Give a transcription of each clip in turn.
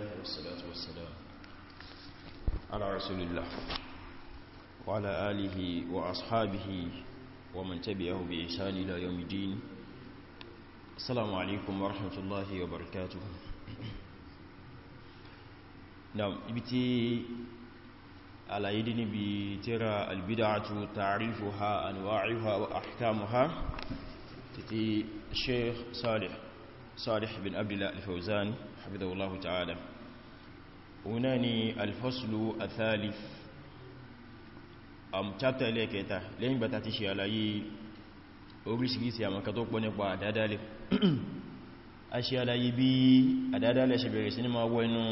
الله والصلاة والسلام على رسول الله وعلى آله وأصحابه ومن تبعه بإحسان إلى يوم الدين السلام عليكم ورحمة الله وبركاته نعم ابتي على يدني بترى البدعة تعريفها أنواعها وأحكامها تتي الشيخ صالح صالح بن عبد الله الفوزان حفظه الله تعالى وناني الفصل الثالث أم chapter ẹlẹ́kẹta lẹ́yìn gbata ti ṣe àlàyé oríṣìíríṣìí àwọn kan tó pọ̀ nípa àdádálẹ̀ a ṣe àlàyé bí àdádálẹ̀ ṣe bẹ̀rẹ̀ sí ní ma wọ inú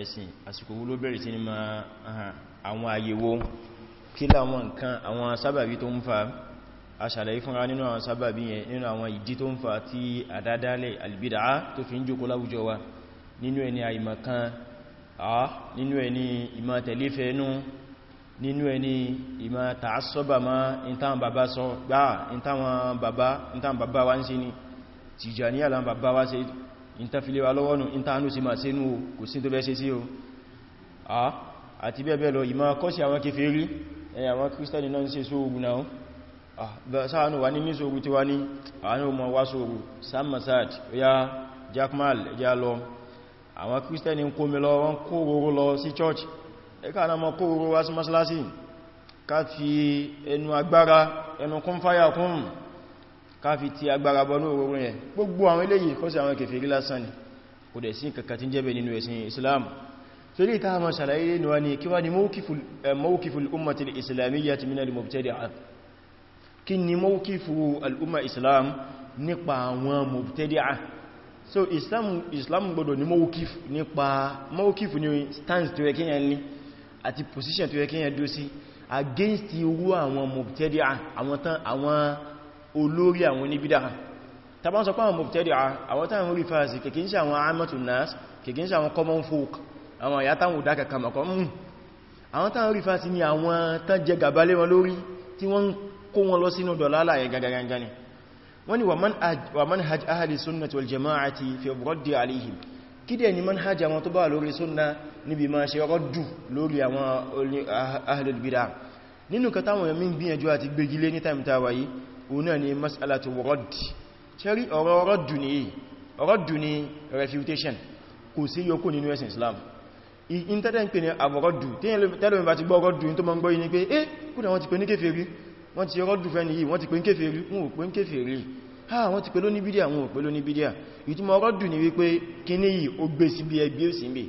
ẹ̀sìn àsìkò wúló bẹ̀rẹ̀ sí ní ma àwọn àyẹ̀wò kí láwọn nǹkan àwọn sábàbí tó ń fa a ṣàlàyé fúnra nínú àwọn sábàbí yẹn nínú àwọn ìdí tó ń fa tí àdádálẹ̀ albida'a tó fi ń jókó láwùjọ wa nínú ẹni àìmọ̀kan a nínú ẹni ìmọ̀ tẹ̀léfẹ́nú nínú ẹni ìmọ̀ tààsọ́bà ma ìntàn bàbá sọ gbá ìntàn bàbá wá ń ṣe ni tìjàní àlàn bàbá wá ṣe ìntàn filewa lọ́wọ́nù ìntànú sí ma ṣe nú kò sí tó bẹ́ ṣe sí o àti sáànù wà ní ní sóògù tí wá ní àwọn ọmọ wá sóògù sam masad ya jackmal ya lọ àwọn kírísítẹ́ni kó mi lọ wọ́n kó róró lọ sí church ẹka náà mọ́ kó wá sí masalasi ká fi ẹnu agbára ẹnu kún fáyà kún ká fi ti agbára bọ́ ní òróró yẹn àwọn eléyìí kọ́ sí kí wá ní eh, mawqiful ummatil islamiyyati minal mubtadi'at kí ni mawkifu al'umma islam nípa àwọn mubtadi'a so islam islam gbọdọ̀ ni mawkifu nípa mawkifu ni stance tó yẹ kíyàn ní àti position tó yẹ kíyàn dó sí against irú àwọn mubtadi'a àwọn tán àwọn olórí àwọn oníbídà tàbán sọ pàwọn mubtadi'a àwọn tán rí nas kìkín sí àwọn common folk àwọn ìyá táwọn òdá kàkàmọ̀kọ́ hmm. àwọn tán ni àwọn tán jẹ gàbálé wọn tí wọ́n kó wọn lọ sínú dọ̀lálà yẹ gagagangan ni wọ́n ni wa manhaj ahli sunnati wal jama'ati fi raddi alaihim kí dẹ̀ ni manhaj àwọn tó bá lórí sunna níbi ma ṣe rọ́dù lórí àwọn ah, ahlul bid'ah nínú ka táwọn yẹn mín gbìyànjú àti gbégilé ní ni refutation kò sí yókù Islam in tẹ́lẹ̀ ń pè ní àbọ̀rọ̀dù tẹ́lẹ̀ bá ti gbọ́ rọ́dù tó mọ́ ń gbọ́ yìí ni pé eh kúrò àwọn ti pè ní kéfèrí wọ́n ti rọ́dù fẹ́ni yìí wọ́n ti pè ń kéfèrí wọn ò pè ń kéfèrí ha wọ́n ti pè ló ní bídíà wọn ò pè ló ní bídíà ìtumọ̀ rọ́dù ni wípé kíní yìí ó gbé sí bí ẹgbẹ́ òsì mi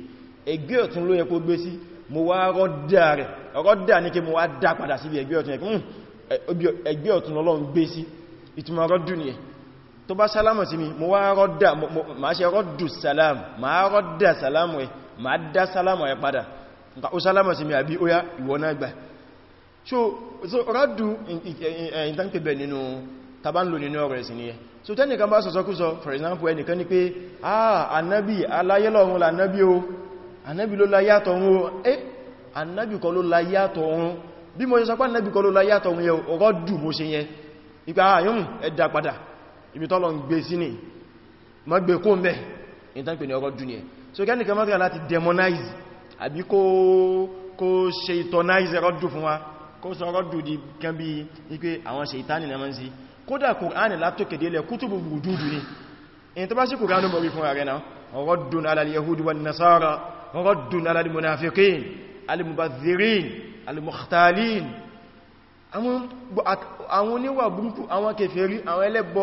ẹgbẹ́ ọ̀tún ló yẹ kó gbé sí mo wá rọ́dà rẹ̀ rọ́dà ní kí mo wá dá padà sí bí ẹgbẹ́ ọ̀tún hmm, ẹgbẹ́ ọ̀tún lọ́lọ́run gbé sí ìtumọ̀ rọ́dù ni tó bá sálámù sí mi mo wá rọ́dà ma ṣe rọ́dù sálámù so so raddu in pe eh, be nínú tabanlo nínú ọ̀rọ̀ ẹ̀sìn ni so tẹ́ni kan bá sọ sọkú sọ for example ẹni kan ní pé ah ànábì alaye lohun la o ànábì ló laye ato o eh ànábì kọ́ ló laye ato hun bí mo ṣe sọ pa ànábì kọ́ ló laye ato hun o raddu mo ṣe yẹn ah yum ẹ dá padà ibi tó in tan pe ni ọ̀rọ̀ du ni so kẹ́ni kan ma kan demonize àbí kó kó ṣe itonize kó sọ rọ́dù di kan bí ipé àwọn ṣètánì na mọ́ sí kódà kòránì látòkèdélẹ̀ kútùbù wùdúdù ni in tó bá sí kòránì mọ̀ rí fún ààrẹ náà rọ́dùn alàlìyahudi wa nasara rọ́dùn alàlìmunafikin alimubazirin alimukhtalin àwọn oníwà burúkú àwọn kèfèrí àwọn ẹlẹ́bọ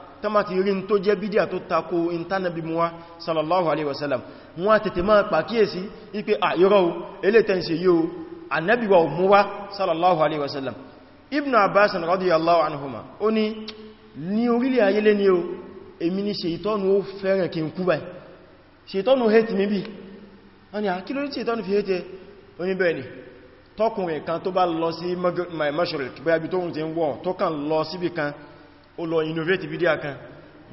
tọ́mà ti rí tó jẹ́ bídíà tó tako ìntánàbí muwa sallallahu alaihi wasallam wọ́n tètè máa pàkíyèsí ipé àyírọ̀ elétẹ́nsì yíò annabiwa muwa sallallahu alaihi wasallam ibn abbas radiyallahu anhuma ó ní ní orílẹ̀ ayé lé ní o èmi ni ṣètọ́nù ó fẹ́ràn kí n kú báyìí ṣètọ́nù hate mi bí wọ́n ni àkílórí ṣètọ́nù fi hate oníbẹ̀ẹ̀ni tọkùnrin kan ó lọ innovate video kan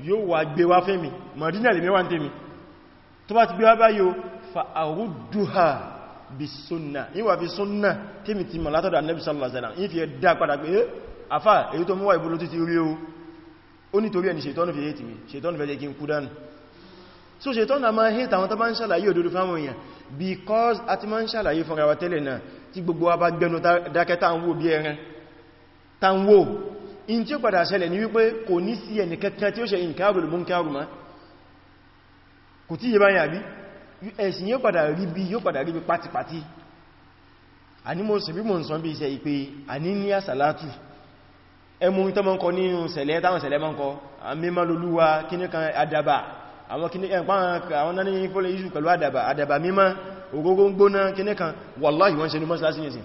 yóò wà gbé wá fẹ́ mi Madina lè mẹ́wàá tèmi tó bá ti gbé wá báyìí fa àrúdùhà bí súnnà ìwà fi súnnà tèmi ti mọ̀ látọ̀dọ̀ Ànábì sallallahu alaihi wasallam ìfi afá eh, èyí tó mú wá ìbúlò títí rí o ó nítorí ẹni ṣètọ́nù fi hate mi ṣètọ́nù fẹ́ jẹ́ kí a máa hate àwọn tó bá ń ṣàlàyé òdodo because a ti máa ń ṣàlàyé fúnra wa tẹ́lẹ̀ náà tí gbogbo wa bá gbẹnu dákẹ́ta ń ta ń wò in tí ó padà ṣẹlẹ̀ ní wípé kò ní sí ẹnìkankan tí ó ṣe ìkàrùn múnkàrùn ma kò tí yẹ báyìí àbí ẹ̀sìn yóò padà rí bí yóò padà rí bí pátipátí a ní mo sì bí mo ń sọ bí iṣẹ́ ìpé a ní ní àsàlátù ẹmú tó mọ́ ń kọ nínú sẹ̀lẹ̀ táwọn sẹ̀lẹ̀ mọ́ ń kọ àmímọ́lolúwa kíní kan àdàbà àwọn kíní ẹ̀pán àwọn náà ní fólẹ̀ ìṣù pẹ̀lú àdàbà àdàbà mímọ́ ògógó ń gbóná kíní kan wàláhì wọ́n ṣe ní mọ́sílásí nìsìn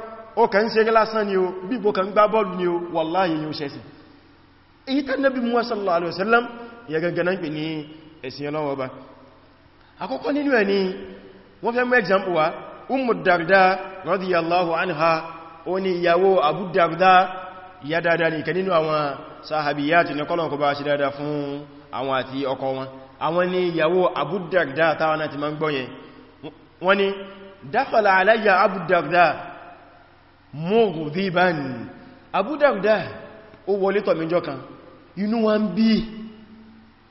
ó kàn ṣe rí lásán ni o bíbò kàn gbá bọ́ọ̀lù ni o wàláyé yóò ṣẹ́sì èyí tán nábi Muhammad sallallahu alaihi wasallam ya ganganan pè ní ẹ̀sìn ọlọ́wọ́ ba akọ́kọ́ nínú ẹni wọ́n fẹ́ mú example wa Ummu Darda radiyallahu anha ó ní ìyàwó ya dada ní ìkẹ́ nínú àwọn sahabiyati ní kọ́lọ̀ kọba ṣe dada fún àwọn dakhala alayya Abu Darda mughdiban Abu Darda ó wọlé tọ̀ mẹ́jọ kan inú wa ń bí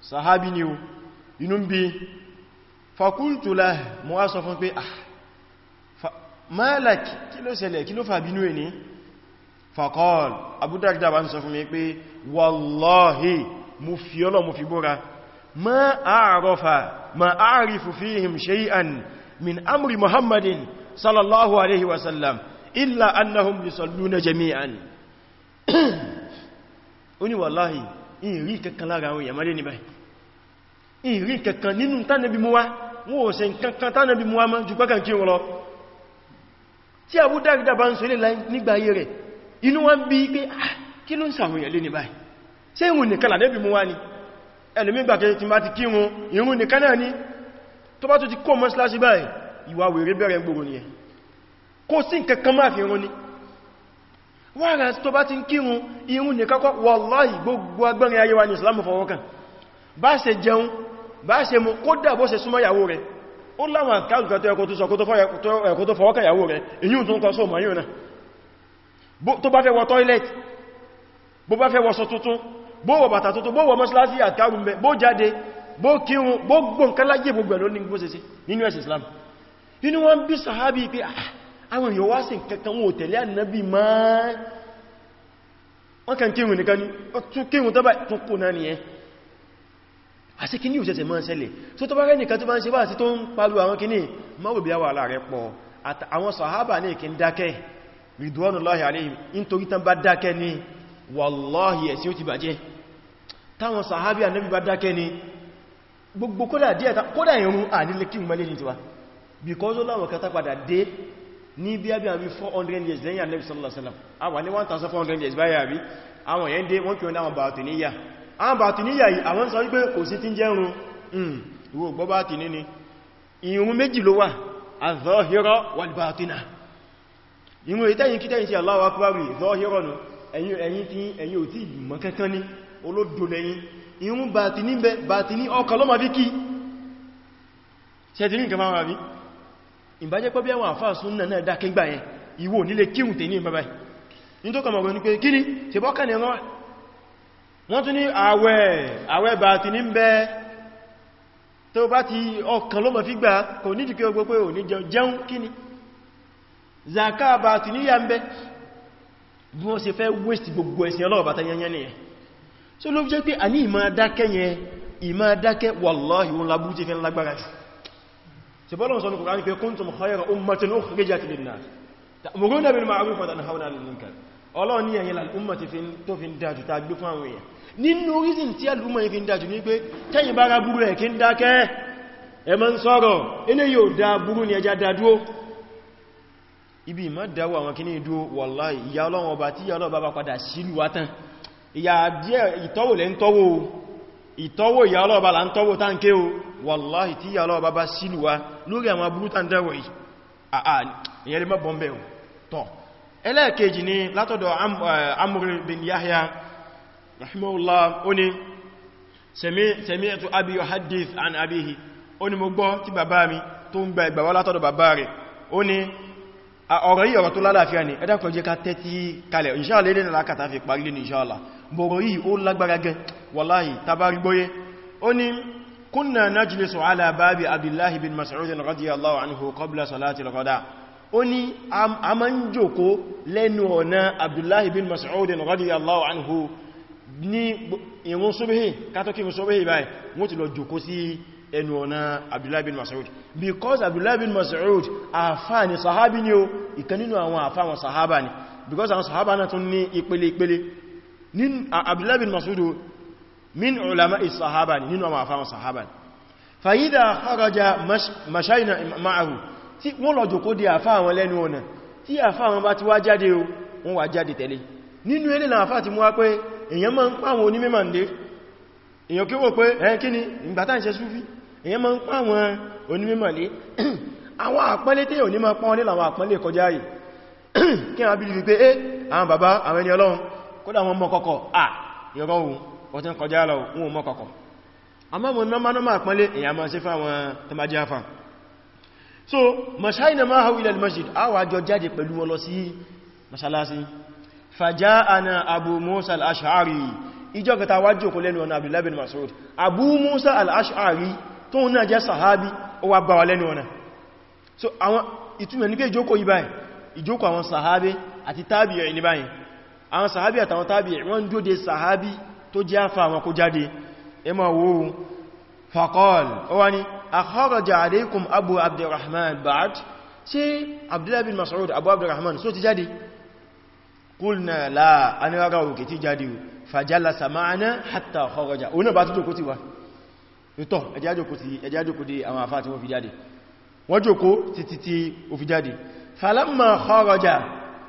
sahabi ni o inú ń bí fakultu la mọ́ á sọ fún pé ah malak kí ló ṣẹlẹ̀ kí ló fà bínú ẹni faqal Abu bá ń sọ fún mi pé wallahi mo fi ọlọ́ mo fi bóra ma a'rafa ma a'rifu illa annahum yusalluna jami'an oni wallahi in rí kankan lára àwọn èèyàn male ni báyìí in rí kankan nínú tanabi mu wa wọn ò ṣe nǹkankan tanabi mu wa ma ju pakan kí wọn lọ tí Abu Darda bá ń sọ ile nígbà ayé rẹ̀ inú wa bí pé ah kí ló ń sa àwọn èèyàn le ni báyìí ṣé ìrun nìkan la nabi mu ni ẹlòmí gbà ke ti ma ti kírun ìrun nìkan náà ni tó bá tó ti kó mọ́ síláṣí báyìí ìwà wèrè bẹ̀rẹ̀ gbogbo nìyẹn kó sí nǹkankan máa fi rún ni wára tó bá ti ń kírun irun ní kọ́kọ́ wàláhì gbogbo agbẹ́rin ayé wa ní islamu fọwọ́kàn bá ṣe jẹun bá ṣe mú kódà bó ṣe súnmọ́ ìyàwó rẹ̀ ó láwọn àkàrùkà tó ẹkọ́ tó sọ toilet bó bá fẹ́ wọṣọ tuntun bó wọ bàtà tuntun bó wọ mọ́ṣáláṣí àkàrùn bẹ bó jáde bó kírun bó gbọ́n kálá yé islam inú wọn bí sahabi pé ah àwọn yóò wá sí kankan wọn ò tẹ̀lé ànábì máa wọ́n kàn kírùn nìkan ní ọ̀tún kírùn tó bá tún kò náà nìyẹn àti kí ní òṣẹ́sẹ̀ máa ṣẹlẹ̀ tó tó bá rẹ̀ nìkan tó bá ń ṣe bá sí tó ń palu àwọn kìíní mọ́rù bí àwà rẹ̀ pọ̀ àwọn sàhábà ní kí ń dákẹ́ ridwanullahi alayhim nítorí tán bá dákẹ́ ni wallahi ẹ̀sìn ó ti bàjẹ́ táwọn sàhábì ànábì bá dákẹ́ ni gbogbo kódà díẹ̀ kódà ìrún à nílé kí mọ́lé ní tiwa bí kọ́ ní bí àbí àbí 400 years lẹ́yìn Ànábì sallallahu alaihi wasallam àwọn ní 1400 years báyìí àbí àwọn yẹn dé wọ́n kí wọ́n dáwọn bàtìníyà àwọn bàtìníyà yìí àwọn sọ wípé kò sí tí ń jẹ́run hmm, ìwò gbọ́ bàtìní ni ìrun méjì ló wà az-zahira wal-batina ìrun ìtẹ́yìn kítẹ́yìn sí Allahu akbar zahira nù ẹ̀yìn tí ẹ̀yìn ò tí ìmọ̀ kankan ní olódò lẹ́yìn ìrun bàtìní ọkọ̀ lọ́mọ bí kí ṣẹ̀tìrí nǹkan máa wà bí ìbájẹ́ pẹ́ bí àwọn àfáà súnnà náà dá kígbà yẹn ìwò nílé kíhùn tè ní ìbábáyì ní tó kọmọ̀ ní pé kí ní tí bọ́kà ní ẹran wọ́n tún ní àwẹ̀ àwẹ̀ bá ti ní bẹ́ tó bá ti ọkàn ló mọ̀ fi gbà kò ní dìkẹ́ ogbó pé ò ní jẹun kí ní zaka bá ti ní ya ń bẹ́ bí wọ́n ṣe fẹ́ waste gbogbo ẹ̀sìn ọlọ́ọ̀bá ta yẹnyẹn nìyẹn so ló jẹ́ pé تبالون سنة القرآن في كنتم خير أمة أخرجت للناس تأمرون بالمعروف وتنهون عن المنكر ọlọ́run ní ẹ̀yẹ̀lá al'umma tó fi ń dájú ta gbé fún àwọn èèyàn nínú reason tí al'umma fi ń dájú ní pé tẹ́yìn bára búrú ẹ̀ kí ń dákẹ́ ẹ má ń sọ̀rọ̀ ilé yóò dá búrú ní ẹjá dádúó ibi ìmá dáwọ́ àwọn kí ní ìdú wallahi ìyá ọlọ́run ìtọ́wò ìyà ọlọ́ọ̀bá là ń tọ́wò tá ń ké o wàláhì tí ìyà ọlọ́ọ̀bá bá sílùwá lórí àwọn aburú tá ń dẹ́wọ̀ yìí àà bin Yahya rahimahullah ó ní sami'tu abi yuhaddith an abihi ó ní mo gbọ́ tí bàbá mi tó ń gba ìgbàwọ́ látọ̀dọ̀ bàbá rẹ̀ ó ní ọ̀rọ̀ yìí ọ̀rọ̀ tó lálàáfíà ni ẹ̀dàkọ̀jẹ́ ká tẹ́tí kalẹ̀ inshallah lè lákàtà fi parí ní inshallah bọ̀rọ̀ yìí ó lágbára gan wallahi tabari gbóyé ó ní kunna najlisu ala babi abdullahi bin mas'ud radiyallahu anhu qabla salati al-ghada ó ní a máa ń jókòó lẹ́nu ọ̀nà abdullahi bin mas'ud radiyallahu anhu ní ìrun subhi katoki mu subhi báyìí wọ́n ti lọ jókòó sí ẹnu because abdullahi bin mas'ud àfáà ni sahabi ni o ìkan nínú àwọn àfáà because àwọn sahaba náà tún ní nin Abdullah bin Mas'ud min ulama'i sahaba ni nínú àwọn afáwọn sahaba fa idha kharaja mashayna ma'ahu tí wọ́n lọ jòkó di àfáwọn lẹ́nu ọ̀nà tí àfáwọn bá ti wá jáde o wọ́n wá jáde tẹ̀lé nínú ilé na àfá ti mú wá pé èyàn máa ń pàwọn onímẹ́mà ń dé èyàn kí wò pé ẹ̀yàn kí ni ìgbàtà ìṣẹ́ súfí èyàn máa ń pàwọn onímẹ́mà lé àwọn àpọ́nlé tí òní máa pọ́nlé làwọn àpọ́nlé kọjá yìí kí a bí i pé eh àwọn bàbá àwọn ẹni ọlọ́run kódà wọn mọ́kọ̀kọ̀ à ìrọ̀ ohun wọ́n ti ń kọjá lọ wọn mọ́kọ̀kọ̀ àmọ́mọ̀ nọ́mọ́nọ́mọ́ àpọ́lé èyà máa sí fáwọn tẹmájí afá so mashaina ma hau ilal masjid a wà jọ jáde pẹ̀lú wọn lọ sí masalasi fàjá ana abu musa al-ash'ari ìjọ kẹta wá jòkó lẹ́nu ọ̀nà abdullahi mas'ud abu musa al-ash'ari tó ń náà jẹ́ sahabi ó wá bá wa lẹ́nu ọ̀nà so àwọn ìtumẹ̀ ní pé ìjókòó yìí báyìí ìjókòó àwọn sahabi àti tábìyàn ní báyìí àwọn sàhábí àtàwọn tábí wọ́n jóde sàhábí tó jẹ́ àfà àwọn kó jáde ẹ ma wo faqal ó wá ní akharaja alaykum abu abdurrahman ba'd ṣe abdullahi bin mas'ud abu abdurrahman so ti jáde qulna la an rárá òkè ti jáde fajalasa ma'ana hatta kharaja òun náà bá tó jókó ti wá ìtọ́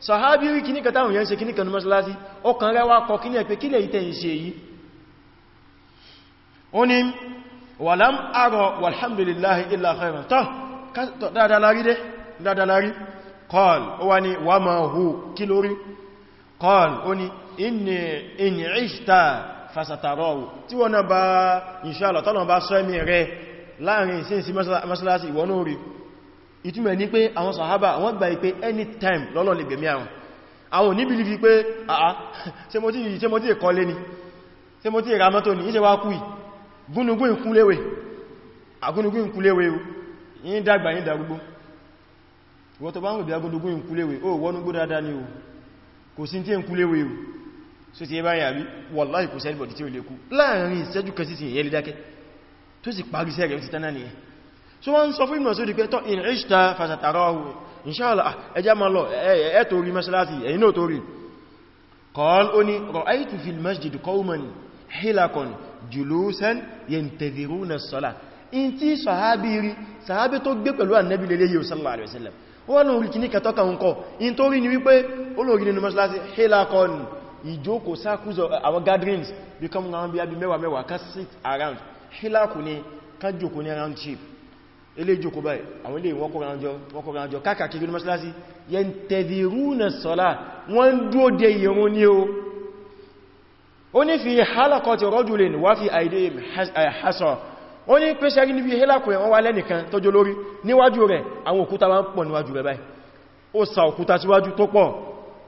sàhábí rí kíníkà táwọn yẹn ṣe kíníkà ní mọ́sálásí ọkàn rẹ̀ wá kọ kíní ẹ̀pẹ́ kílẹ̀ ìtẹ̀ ìṣe yìí ó ní wàlám àrọ̀ walhamdulillahi illa khairan tọ́ dáadáalárí dé ní wà máa hù kí lórí kọl ó ní ìtumẹ̀ ní pé àwọn sàhábà àwọn gbà ìpé anytime lọ́lọ́ lè gbẹ̀mí àwọn àwọn ní bílífì pé àà ṣe mo tí ìkọlé ni ṣe mo tí ìramọ́tò ní ìṣẹ́ wá kú ì gúnugún ìkúléwé agúnugún ìkúléwé yìí dàgbà yìí darúgbó wọ́n tó bá ń rò bí agúnugún so ti ẹbá yàrí wọ́láì kò sẹ́lìbọ̀dì tí ó lè kú láàrin ìṣẹ́jú kẹsìsì ìyẹ́lẹ́dákẹ́ tó sì parí sẹ́rẹ̀ ó ti tánà nìyẹn so wọ́n sọ fún ìmọ̀sí òdìpẹ́ tọ́ in ìṣta fasatarahu inṣáàlá ẹjá ma lọ ẹ torí masalasi ẹ̀yìn náà torí kọ́l ó ní ra'aytu fil masjid qawman hilakon julusan yantadhiruna sọ́lá in tí sàhábí rí sàhábí tó gbé pẹ̀lú annabi lè yíò sallallahu alaihi wasallam wọ́n lórí kìní kẹtọ́ kan kọ́ in tó rí ni wípé olórí nínú masalasi hilakon ìjókò sákúzọ round shape ilé ìjòkó báyìí àwọn ilé ìwọ́kọ̀ránjọ káàkiri mọ́sílásí yantadhiruna sọ́lá wọ́n ń dúó de ìrún ní o ó ní fi halakọtí rajulin wá fi aidehim hasọ eh, ó ní pẹ́sẹ̀rí níbi hálàkọ̀ ẹ̀wọ́n wá lẹ́nìkan tọ́jọ lórí níwájú rẹ̀ àwọn òkúta wá ń pọ̀ níwájú rẹ̀ báyìí ó sa òkúta síwájú tó pọ̀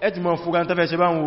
ẹ ti mọ̀ fúra tẹ́fẹ́ ṣe báwọn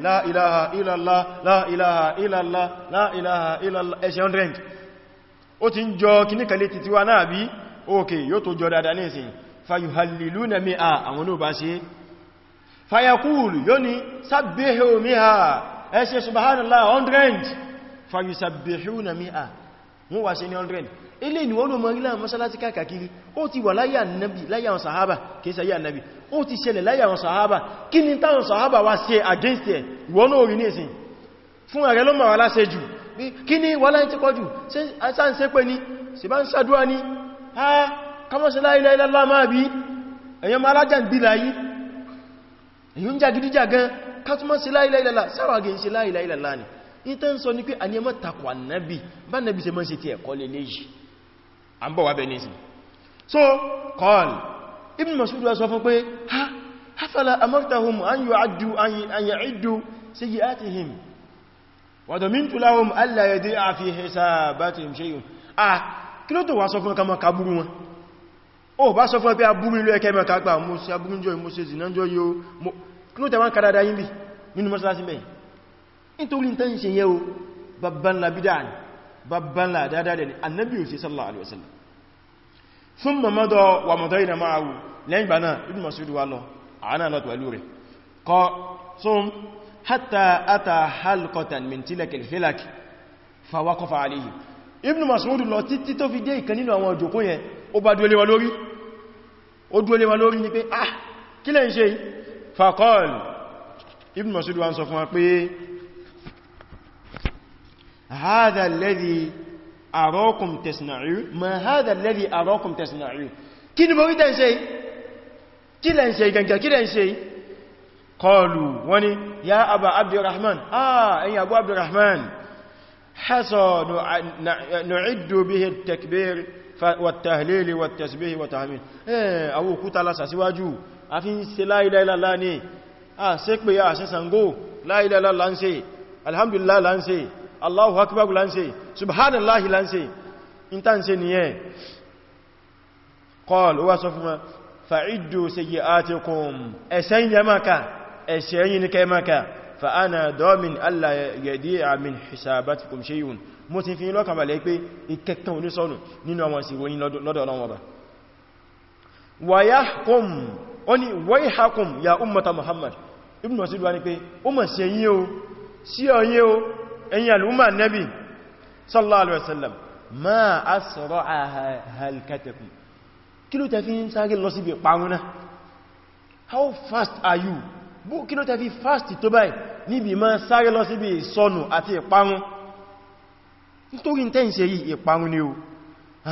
la ilaha illallah la ilaha illallah la ilaha illallah ẹ̀ṣẹ̀ 100 ó ti ń jọ kìníkà lè títí wá náà bí ókè yóò tó jọ dáadáa ní ìsìn fayuhallilu na mi a àwọn ní ò bá ṣe fayakul yóò ní sabbihu miha ẹ̀ṣẹ̀ subhanallah 100 fayusabbihu na mi a wọ́n wá ṣe ní 100 ilé ìlú wọ́n mọ̀ ilé mọ́sálásí káàkiri ó ti wà láyé ànábì láyé àwọn sàhábà kìí ṣe ayé ànábì ó ti ṣẹlẹ̀ láyé àwọn sàhábà kí ni táwọn sàhábà wá ṣe against ẹ̀ ìwọ́n náà rí ní ìsìn fún ààrẹ ló mọ̀wà láṣẹ jù kí ni wà láyé ti pọ̀ jù sáàṣẹ́ pé ní sì bá ń ṣàdúwà ní ha kọmọ́sí láìláìlá máa bí èyàn máa rájà ń bí láyé èyàn ń jagidíjà gan kátúmọ́sí ni ìtẹ́ ń sọ ní pé àníyàmọ́ takò ànábì bá nàbí ṣe mọ́ sí ti ẹ̀kọ́ lè léyìí a ń bọ̀ wà bẹ̀ẹ́ nìsìn so qal ibn Mas'ud wá sọ fún pé ha hafala amartahum an yu'addu an ya'iddu sayyi'atihim wa damintu lahum alla yadi'a fi hisabatihim shay'un ah kí ló tó wá sọ fún ọkà mọ́ kaburu wọn ó bá sọ fún ẹgbẹ́ abúrú ilé ẹkẹ́ mẹ́ta gbà mo sí abúrú jọ ìmúṣe zìnà jọ yóò kí ló tẹ́wọ́n kádádá yìí bí nínú mọ́sálásí mẹ́yìn nítorí tán ṣe yẹ́ o babbanla bídá ni babbanla dáadáa ni annabi ò sí sallallahu alaihi wasallam fún mamadu wa mọ̀dọ̀ ìdá máa wù lẹ́yìn gbà náà ibn masudu wa lọ àánà lọ pẹ̀lú rẹ̀ kọ tún hatta ata halkotan min tilakil hilak fawakofa alihi ibn masudu lọ títí tó fi dé ìkan nínú àwọn òjòkó yẹn ó bá dúólé wa lórí ó dúólé wa lórí ni pé ah kí lẹ́ ṣe fakọ́l ibn masudu wa ń sọ fún wa pé هذا الذي أراكم تصنعون ما هذا الذي أراكم تصنعون kí ni mo rí tẹ́ ń ṣe kí lẹ́ ń ṣe gangan kí lẹ́ ń ṣe kọlù wọ́n ni ya abu abdurrahman ah ẹ̀yin abu abdurrahman haso nu'iddu bihi takbir wa tahlili wa tasbihi wa tahmid eh awu kuta la sasiwaju afin ṣe la ilaha illallah ni ah ṣe pé ya ṣe Ṣàngó la ilaha illallah ń ṣe alhamdulillah la ń ṣe Allahu akbar la ń ṣe subhanallahi la ń ṣe ìta ń ṣe nìyẹn qal ó wá sọ fún ma fa'iddu sayyi'atikum ẹ̀ṣẹ̀ yẹ maka ẹ̀ṣẹ̀ yìí ní kẹ maka fa'ana domin Allah yadi'a min hisabatikum shay'un mo ti fi lọ́kàn balẹ̀ pé ìkẹkàn onísọ́nù nínú àwọn ìsìnwòyìn lọ́dọ̀ ọlọ́wọ́ ba wa yahkum ó ní wayhakum ibn Masud wa ni pé ó mọ̀ sí ẹ̀yìn o sí ọ̀yìn o ẹ̀yin al'umma nabi sallallahu alaihi wasallam ma asra'a halkatakum kí ló tẹ́ fi ń sáré lọ síbi pàrúnà how fast are you bó kí ló tẹ́ fast tó báyìí níbi ma sáré lọ síbi ìsọnù àti ìparun nítorí tẹ́ ń ṣe yìí ìparun ni o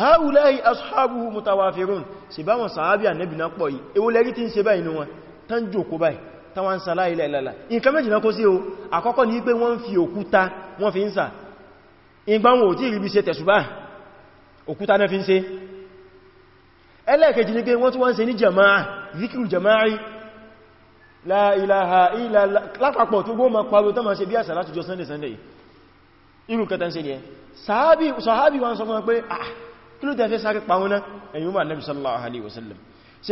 haulai ashabuhu mutawafirun sì bá wọn sàábí tán wá ń sàlá ilẹ̀ ìlàlà nǹkan méjì náà kó sí o àkọ́kọ́ ní pé wọ́n fi òkúta wọ́n fi ń sà ìgbà wọn ò tí ìrìbí ṣe tẹ̀sùbá òkúta náà fi ń ṣe ẹlẹ́ẹ̀kejì ní pé wọ́n tún wá ń ní jama'a zikiru la ilaha illallah lápapọ̀ tó gbọ́mọ̀ pàrọ tó ma ṣe bí àṣà láti jọ sunday sunday irú kẹta ń ṣe ah kí ló tẹ́ fẹ́ sáré pa wọn náà ẹ̀yìn wọn ànẹ́bì sallallahu alaihi wasallam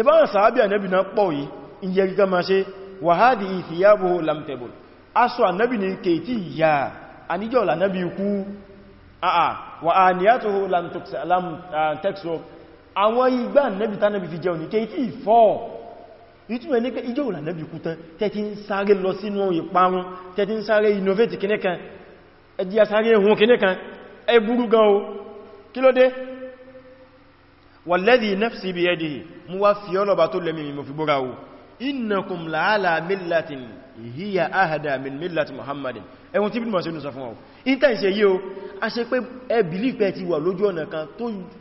bá wọn sàábì ànẹ́bì pọ̀ yìí ìyẹ́ ma ṣe wà hádìí thiyabuhu lam tabur aṣọ ànábì ní kèèkì ìyà àníjọ́ lànábì ikú àà wà àníyàtuhu lam taksur àwọn igbá ànábì tánábì fi jẹun ní kèèkì ìfọ́ ìtumẹ̀ ní pé ìjọ́ ìlànàbì kú tán tẹ́tí ń sáré lọ sínú ìparun tẹ́tí ń sáré innovate kìnnẹ́kan ẹjí asáré ehun kìnnẹ́kan ẹ burú gan o kí ló dé walladhi nafsi biyadihi mú wá fi ọlọ́ba tó lẹ́mìí mo fi búra o innakum la'ala millatin hiya ahada min millati muhammadin ẹwọn tí bí mọ̀ sí inú sọ fún ọ ìntà ìṣe yíò a ṣe pé ẹ believe pé ti wà lójú ọ̀nà kan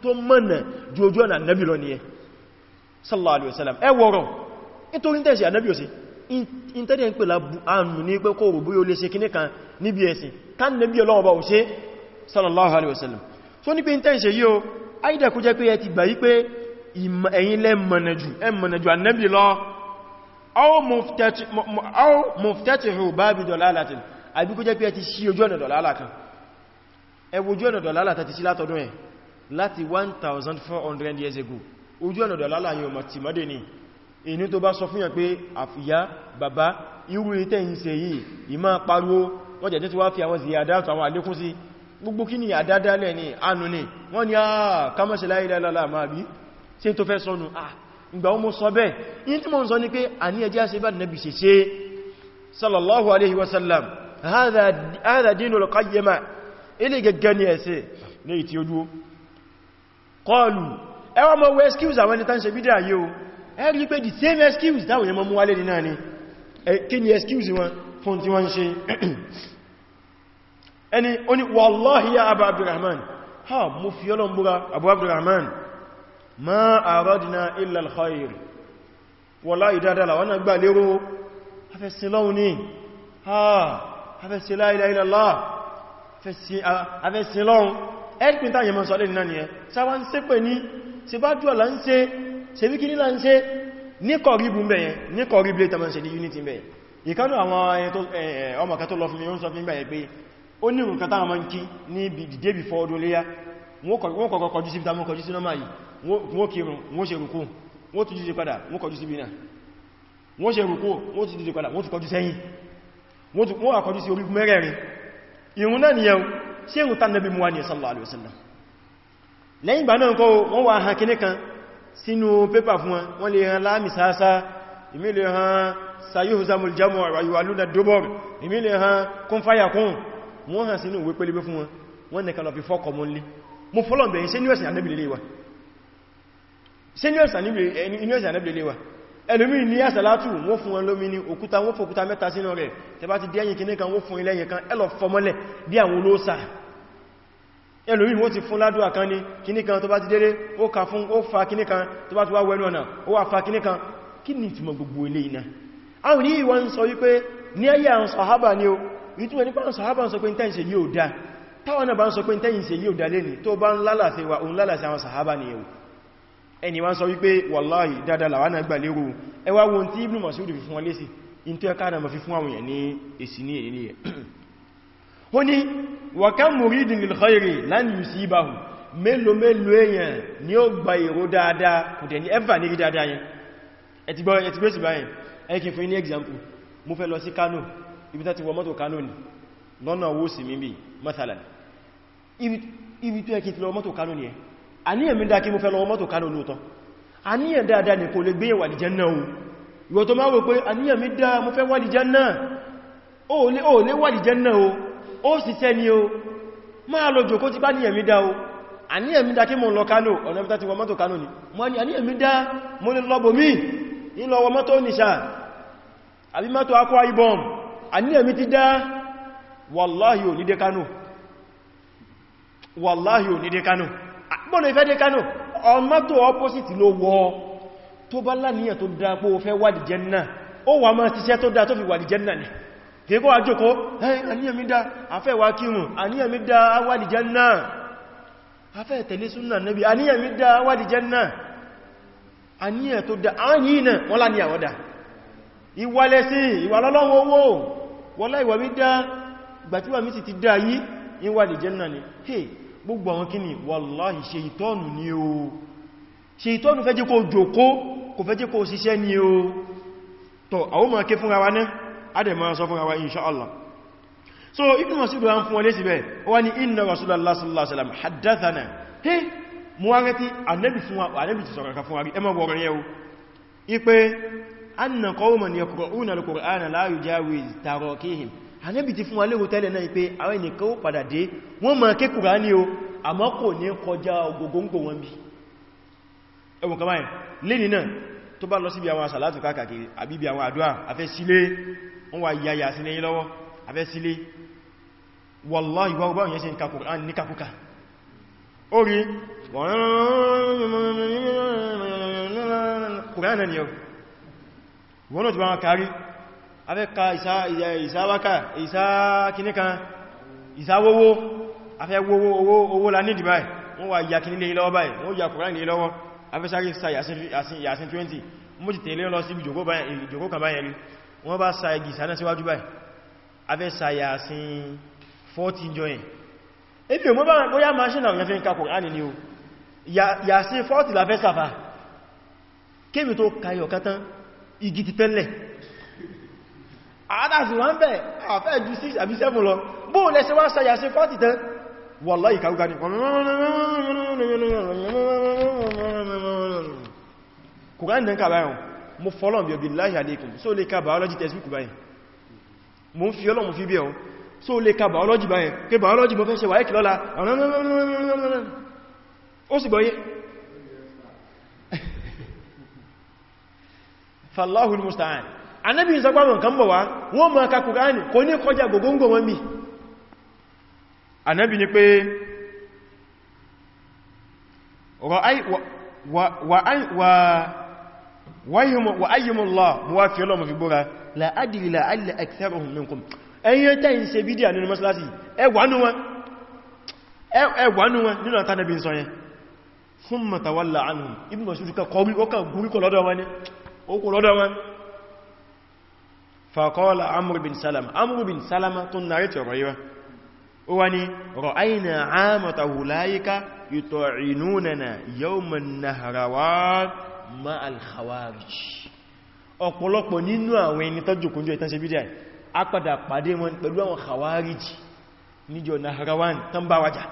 tó mọ̀nà ju ojú ọ̀nà ànábì lọ ní ẹ sallallahu alaihi wasallam ẹ wọ̀rọ̀ inta ìntà Nabi ànábì òsì ìntẹ́dẹ̀ ń pè lábù àánú ní pé kó rògbó yóò lè ṣe kíní kan níbi ẹ̀sìn ká nẹ́bí ọlọ́wọ́ bá ò ṣe sallallahu alaihi wasallam so ní pé ìntẹ́ ìṣe yíò áìdà kó jẹ́ pé ẹ ti gbà yí pé ẹ̀yin lẹ́ mọ̀nà jù ànábì lọ aw muftatihu babi dalalatin àbí kó jẹ́ pé ẹ ti ṣí ojú ọ̀nà dalala kan ẹ wo ojú ọ̀nà dalala tàti sí látọdún ẹ̀ láti 1400 years ago ojú ọ̀nà dalala yíò mọ̀ tí mọ́dé ni inú tó bá sọ fún yàn pé àfíyá bàbá irú ìtẹ́ yìí ṣe yìí ìmá pariwo wọ́n jẹ̀ tí wá fi àwọn ziyada àwọn àlékún sí gbogbo kí ni àdádálẹ̀ ni ànú ni wọ́n ni àà kámọ́ṣe láìláìlá máa bí ṣe tó fẹ́ sọnù àà ìgbà o mo sọ bẹ́ẹ̀ in tí mo ń sọ ní pé a ní ẹjẹ́ ṣe bá nàbì ṣe ṣe sallallahu alaihi wasallam haza dinul qayyima ilé gẹ́gẹ́ ní ẹ̀ṣẹ́ ní ìtí ojú kọlù ẹwà mọ̀ wọ excuse àwọn ẹni tán ṣe bídá yìí o ẹ rí pé the same excuse dáwọn ma aradna illa al-khair wallahi ìdádàlà wọ́n na gbà lérò afẹ́sí lọ́wọ́ ní afẹ́sí la ilaha illallah afẹ́sí lọ́wọ́ ẹ́kùn tàyẹ mọ́ sọ́lẹ̀ nínú ni ẹ sáwá ń sé pẹ̀ ní ṣe bá jù ọ̀lá ń ṣe ṣe bí kí nílá ń ṣe ó ní ìrùn kẹta àwọn ń kí ní the day before ọdún léyá wọ́n kọ̀kọ́ kọjú sí ìdámọ́ kọjú sí nọ́mà yìí wọ́n kírun wọ́n ṣe rùkú wọ́n tún jíje padà wọ́n kọjú sí bínà wọ́n ṣe rùkú wọ́n tún jíje padà wọ́n tún kọjú sẹ́yìn wọ́n àkọjú sí orígun mẹ́rẹ̀ẹ̀rin ìrun náà nìyẹn ṣe ń tán nabi muwani sallallahu alaihi wasallam lẹ́yìn ìgbà náà kọ́ wọ́n wà hàn kíní kan sínú pépà fún wọn wọ́n lè hàn láàmì sáásá ìmí lè hàn sayuhzamul jamu wayuwaluna dubur ìmí lè hàn kún fáyà kún wọ́n hàn sínú ìwé pélébé fún wọn wọ́n nìkan lọ fi fọ́kọ̀ mo fọ́lọ̀ bẹ̀yìn sí níwẹ̀sìn àdẹ́bìnrin wa ṣe ní ọ̀sán níbìlẹ̀ wà ẹlòmí ní àṣàlátù wọ́n fún wọn lómi ní òkúta wọ́n fòkúta mẹ́ta sínú rẹ̀ tẹbá ti dẹ́yìn kìíní kan wọ́n fún ilẹ́yìn kan ẹlọ fọmọ́lẹ̀ bí àwọn olóòsà ẹlòmí wọ́n ti fún ládùá kan ní kìíní kan tó bá ti délé ó kà fún ó fa kìíní ni ìtumọ̀ gbogbo ilé iná àwọn ní ìwọ̀n ń sọ wípé ní ayé àwọn sàhábà ni ó ìtumọ̀ nípa àwọn sàhábà ń sọ pé ń tẹ́yìn ṣe yóò ẹni wá ń sọ wípé wàláhì dáadáa làwọn náà gbà lérò ẹ wá wo tí Ibn Mas'ud fi fún wọn lésì in tó ẹka àdàmà fi fún àwọn èèyàn ní èsì ní èyí nìyẹ ó ní wa kam ni ó gba èrò dáadáa example mo fẹ́ lọ sí Kano ibi tá ti wọ mọ́tò Kano ni lọ́nà owó sí mi bí ibi tó ẹ kí lọ mọ́tò Kano ni ẹ àníyàn mi dá kí mo fẹ́ lọ mọ́tò kánà olóòtọ́ àníyàn dáadáa ní kò lè gbé wà lìjẹ́ náà ìwọ tó máa wò pé àníyàn mi dá mo fẹ́ wà lìjẹ́ náà o lè wà lìjẹ́ náà o ó sì tẹ́ ni o máa lọ jòkó ti bá níyàn mi dá o àníyàn mi dá kí mo lọ kánà ọ̀nà ìfẹ́ ti wọ mọ́tò kánà mo ní àníyàn mi dá mo lè lọ bòmí nílọ wọ mọ́tò nìṣà àbí mọ́tò akọ́ ibọ̀m àníyàn mi ti dá wàláhì ò ní dé kánà wàláhì ò bọ́ọ̀lù ìfẹ́ dé kánò ọmọ́tò opposite ló wọ́ tó bá láníyàn tó dá pé o fẹ́ wà àlìjẹ́nnà ó wà máa ṣiṣẹ́ tó dá tó fi wà àlìjẹ́nnà ni kìíkọ́ àjòkó àníyàn mi dá afẹ́ wà kírùn àníyàn mi dá wà àlìjẹ́nnà afẹ́ tẹ̀lé súnnà Nábì àníyàn mi dá wà àlìjẹ́nnà àníyàn tó dá àníyàn wọ́n láníyàn wọ́dá ìwà lẹ́sìn ìwà lọ́lọ́wọ́ owó wọ́lá ìwà mi dá gbàtíwà sì ti dá yí ìwà àlìjẹ́nnà ni hey gbogbo àwọn kíni wallahi ṣe ìtọ́nù ní o ṣe ìtọ́nù fẹ́ jẹ́ kó jòkó kò fẹ́ jẹ́ kó ṣiṣẹ́ ní o tọ́ àwọn ma ké fúnra wa náà adẹ̀mọ́ sọ fúnra wa inṣáàlá so Ibn Mas'ud wá ń fún wọlé síbẹ̀ wá ní inna Rasulullah sallallahu alaihi wasallam haddathana he mo wá rántí annabi fún wa annabi ipe anna qawman yaqra'una al-Qur'ana la yujawiz tarakihim anẹ́bì ti fún wa léwu tẹ́lẹ̀ náà pé àwọn ènìyàn ó padà dé wọ́n máa ké Kùránì o àmọ́ kò ní kọjá ogogóngbò wọn bí ẹwùn kama yìí lẹ́ni náà tó bá lọ síbi àwọn àsàlátù káàkiri àbíbi àwọn àdúrà afẹ́ sílé wọ́n wà yáyà sí lẹ́yìn lọ́wọ́ afẹ́ sílé wallahi ìwà afẹ́ka ìsáwákà ìsákíníkan ìsáwówó afẹ́wówó owó la nídìí báyìí wọ́n wà yà kínílé lọ́wọ́ báyìí wọ́n yà kùránì lọ́wọ́ afẹ́sáré sa yàsín 20 mú ti tẹ̀lé lọ sí ìjòkó kan báyìí wọ́n bá sa igi ìsáná síwájú báyìí afẹ́sá yàsín 14 jọyìn ebi omo bá bóyá máṣínà òyìn fi ń ka kùránì ni o yàsín 40 la fẹ́ sàfà kémi tó kayọ̀ kátán igi ti tẹ́lẹ̀ àádásì wọ́n bẹ̀ àfẹ́ jù 6 àbí 7 lọ bóò lẹ́sẹ̀ wá sáyà sí fọ́tì tán wallahi ìkàrúgà ní kùránì ní kàbáyàn mo fọ́lọ̀n bí ọbí láyé àlékùn só lè ka biology textbook báyìí mo ń fi ọlọ́mù fi bí ọ só lè ka biology báyìí pé biology mo fẹ́ ṣe wà ẹ́kì lọ́la ó sì gbọ́yé fallahul musta'an anábì ń sọpá wọn kan bọ̀ wá wọ́n ma ka kùránì kò ní kọjá gògóngò wọn bí anábì ni pé wa ayyumullah mu wá fi ọlọ́mù fi bóra láàdìrí láàdìrí aktharuhum minkum ẹ̀yẹ tẹ́ ń ṣe bídíà nínú mọ́sálásí ẹwànú wọn nínú àtànàbí sọ yẹn thumma tawalla anhum ibn Mas'ud kọrí ó kà gúrí kọ lọ́dọ̀ wọn ni فقال عمرو بن سلمة عمرو بن سلمة تنريت الرئيوة واني رأينا عامة أولئك يطعنوننا يوم النهروان مع الخوارج ọ̀pọ̀lọpọ̀ nínú àwọn ẹni tọ́jú kúnjọ ìtànṣe bídá a padà pàdé wọn pẹ̀lú àwọn khawariji níjọ nahrawan tán bá wájà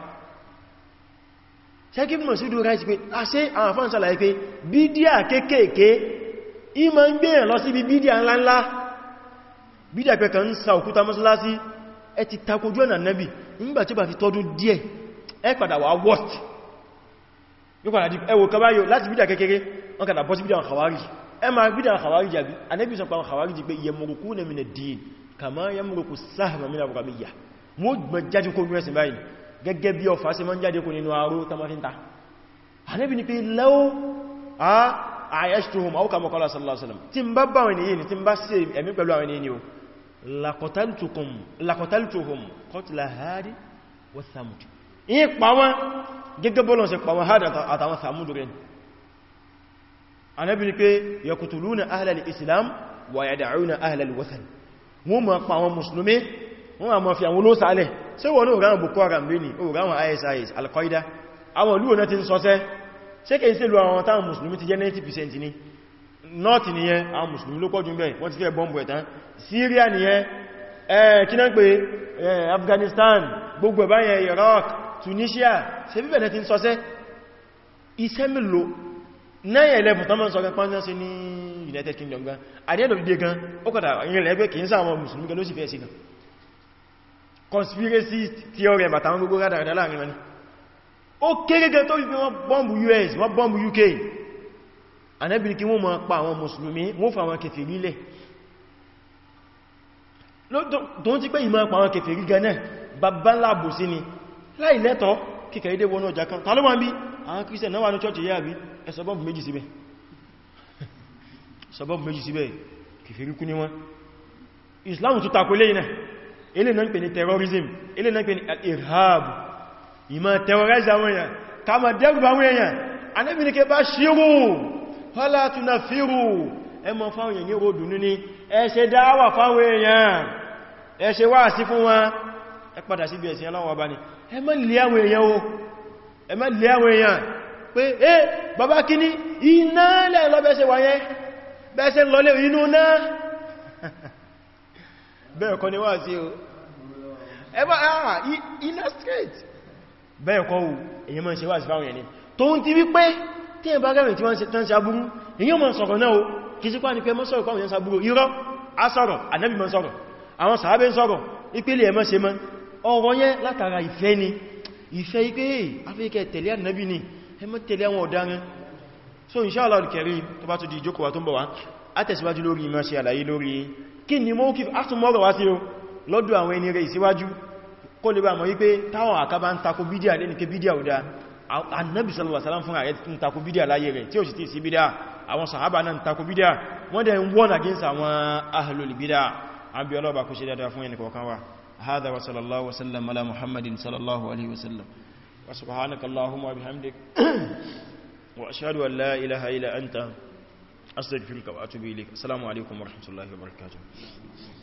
ṣẹ́kí mọ̀ sí dúró ráìsì pé a ṣe àwọn fánsàlàyé pé bídíà ìmọ̀ ń gbé ẹ̀ lọ sí bí bídíà ńláńlá bídà pẹ́ kan ń sa òkúta mọ́sálásí ẹ ti takojú ọ̀nà nẹ́bì nígbà tí ó bá fi tọ́dún díẹ̀ ẹ padà wà worst yóò padà di ẹwò kabáyò láti bídà kékeré wọ́n kàdà bọ́ sí bídà àkàwárí ẹ ma bídà àkàwárí jàbí anẹ́bì sọ pa àkàwárí jì na mina dìín kàmá yẹmùrùkú sáàmà mina rọ̀kàmíyà wọ́n gbọ́ jájú kó rẹ̀ sí báyìí gẹ́gẹ́ bí ọfà sí mọ́ jáde kó nínú a àyẹ́ṣtùhùn àwọn sallallahu alaihi wasallam tí ń bá bá wọn ni yìí ni tí ń bá sí ẹ̀mí lakọtàlùtùkùn kọtìlà hádì wà sàmùdì yí pàwọn gẹ́gẹ́ bọ́lọ̀ sí pàwọn hádì àtàwọn sàmùdì rẹ̀ anábi ni pé yakutuluna ahlal islam wà yada'una ahlal wasan wọ́n ma pàwọn musulmi wọ́n ma fi àwọn olóòsàálẹ̀ sí wọ́n ní ọ̀gáwọn boko haram bí ní ọ̀gáwọn isis al-qaida àwọn olúwọ̀n ti ń sọ́sẹ́ ṣe north nìyẹn àwọn mùsùlùmí ló pọ̀jù bẹ́ẹ̀ wọ́n ti fẹ́ bọ́m̀bù ẹ̀tán Syria nìyẹn ẹ̀ kí náà pé Afghanistan gbogbo ẹ̀báyẹn Iraq Tunisia ṣe bíbẹ̀ náà ti ń sọsẹ́ iṣẹ́ mìlò 9-11 tán mọ́ sọ gan pánjẹ́ sí ní United Kingdom gan at the end of the day gan ó kọ̀dà ìrìnlẹ̀ ẹgbẹ́ conspiracy theory àtàwọn gbogbo rádàrádà láàrin wọn ni ó kéré gan tó wípé wọ́n US wọ́n bọ́m̀bù UK anẹ́bìnrin kí wọ́n ma pa àwọn mùsùlùmí wọ́n fa àwọn kèfèrí lẹ̀ tó ń ti pé ìmọ̀ pa àwọn kèfèrí gan náà bàbá láàbò sí ni láì lẹ́tọ̀ kíkẹ̀ ìdé wọnú ọjà kan tàbí wọ́n bí àwọn kírísẹ̀ náà wà ní chọ́ọ̀chì yáàbí ẹ sọ́bọ̀bù méjì síbẹ̀ sọ́bọ̀bù méjì síbẹ̀ kèfèrí kú ní wọn Islam tó takò lẹ́yìn náà ilé náà ń pè ní terrorism ilé náà ń pè ní al-irhab ìmọ̀ terrorize àwọn èèyàn ká máa dẹ́rù àwọn èèyàn anẹ́bìnrin kẹ fala tunafiru ẹ mọ fáwọn èèyàn ní ròdù ní ẹ ṣe dáwà fáwọn èèyàn ẹ ṣe wá sí fún wọn ẹ padà sí bẹ̀ẹ̀sì aláwọ̀ bá ní ẹ má lé àwọn èèyàn o ẹ má lé àwọn èèyàn pé ẹ bàbá ni wá sí o ah, straight bẹ́ẹ̀ kọ́ o èèyàn mọ́ ṣe wá sí tó ń ti wípé tí ẹ bá rẹ̀rìn tí wọ́n tán sí abúrú èyàn mọ̀ sọ̀rọ̀ náà kì í sí pàá ní pé mọ́ sọ̀rọ̀ pàwọn ìyànsá abúrú irọ́ a sọ̀rọ̀ ànábì mọ́ sọ̀rọ̀ àwọn sàábé sọ̀rọ̀ ìpele ẹ̀mọ́ se mọ́ ọ̀rọ̀ yẹn látara ìfẹ́ ni ìfẹ́ ni ẹ mọ́ tẹ̀lé so inṣáàlá olùkẹ̀rí tó bá tó di ìjókòwà tó ń bọ̀ wá á tẹ̀síwájú lórí ìmọ̀ sí àlàyé lórí kí ni mọ́ kí ásùnmọ́rọ̀ wá sí o lọ́dọ̀ àwọn ẹni rẹ̀ ìsíwájú kó lè bá annabi sallallahu alaihi wasallam fún ààrẹ tún takò bídíà láyé rẹ̀ tí ó sì tí sí bídíà àwọn sàhábà náà takò bídíà wọ́n dẹ̀ ń wọ́n against àwọn ahlul bídíà an bí ọlọ́ba kú ṣe dáadáa fún ẹni wa